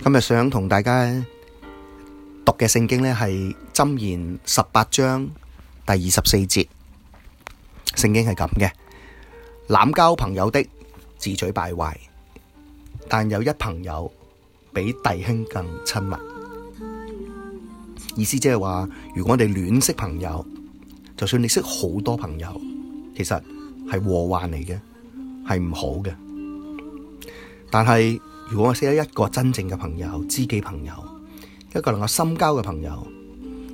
今日想同大家讀嘅聖經呢，係箴言十八章第二十四節，聖經係咁嘅：濫交朋友的自取敗壞，但有一朋友比弟兄更親密。意思即係話，如果我哋亂識朋友，就算你識好多朋友，其實係禍患嚟嘅，係唔好嘅。但係。如果我識得一個真正嘅朋友，知己朋友，一個能夠深交嘅朋友，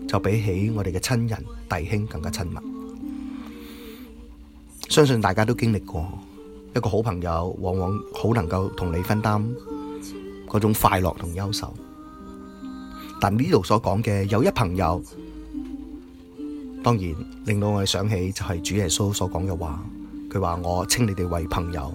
就比起我哋嘅親人、弟兄更加親密。相信大家都經歷過，一個好朋友往往好能夠同你分擔嗰種快樂同憂愁。但呢度所講嘅有一朋友，當然令到我哋想起就係主耶穌所講嘅話，佢話我稱你哋為朋友。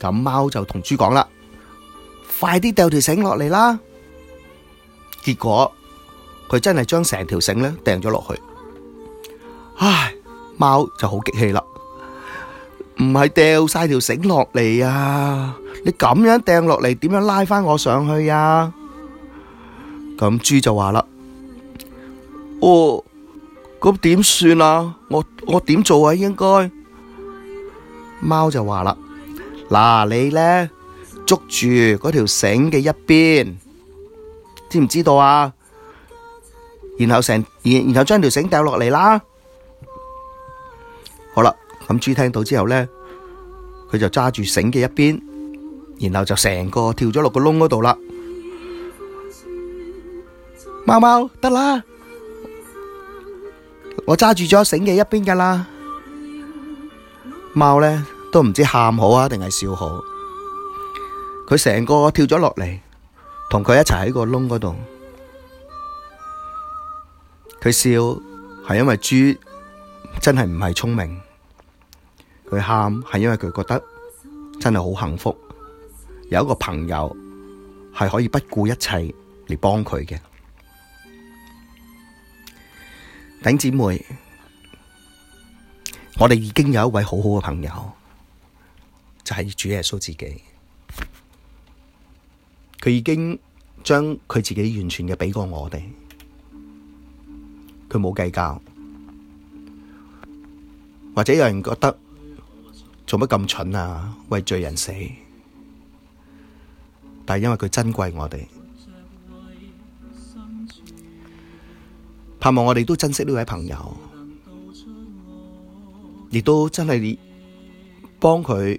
咁貓就同豬講啦，快啲掉條繩落嚟啦！結果佢真係將成條繩咧掟咗落去，唉，貓就好激氣啦，唔係掉晒條繩落嚟啊！你咁樣掟落嚟，點樣拉翻我上去啊？咁豬就話啦，哦，咁點算啊？我我點做啊？應該。貓就話啦。嗱，你咧捉住嗰條繩嘅一邊，知唔知道啊？然後成然然後將條繩掉落嚟啦。好啦，咁豬聽到之後咧，佢就揸住繩嘅一邊，然後就成個跳咗落個窿嗰度啦。貓貓得啦，我揸住咗繩嘅一邊噶啦。貓咧？都唔知喊好啊，定係笑好。佢成個跳咗落嚟，同佢一齊喺個窿嗰度。佢笑係因為豬真係唔係聰明，佢喊係因為佢覺得真係好幸福，有一個朋友係可以不顧一切嚟幫佢嘅。弟兄姊妹，我哋已經有一位好好嘅朋友。就係主耶穌自己，佢已經將佢自己完全嘅畀過我哋，佢冇計較。或者有人覺得做乜咁蠢啊？為罪人死，但係因為佢珍貴我哋，盼望我哋都珍惜呢位朋友，亦都真係幫佢。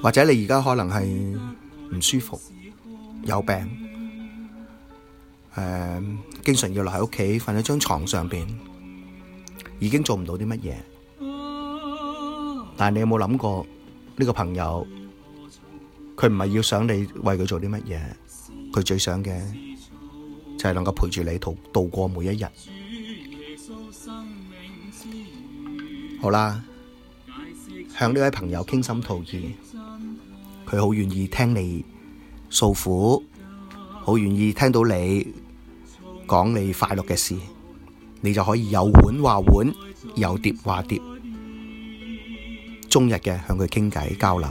或者你而家可能係唔舒服，有病，誒、呃，經常要留喺屋企瞓喺張床上邊，已經做唔到啲乜嘢。但係你有冇諗過呢、呢個朋友？佢唔係要想你為佢做啲乜嘢，佢最想嘅就係能夠陪住你度，度過每一日。好啦，向呢位朋友傾心吐意。佢好願意聽你訴苦，好願意聽到你講你快樂嘅事，你就可以有碗話碗，有碟話碟，終日嘅向佢傾偈交流。